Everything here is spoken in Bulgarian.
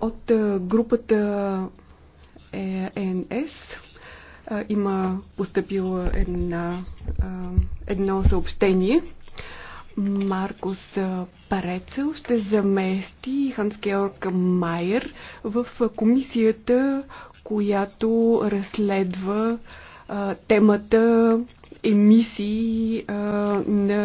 От групата ЕНС има поступило една, едно съобщение. Маркус Парецел ще замести Ханс Георг Майер в комисията, която разследва темата емисии на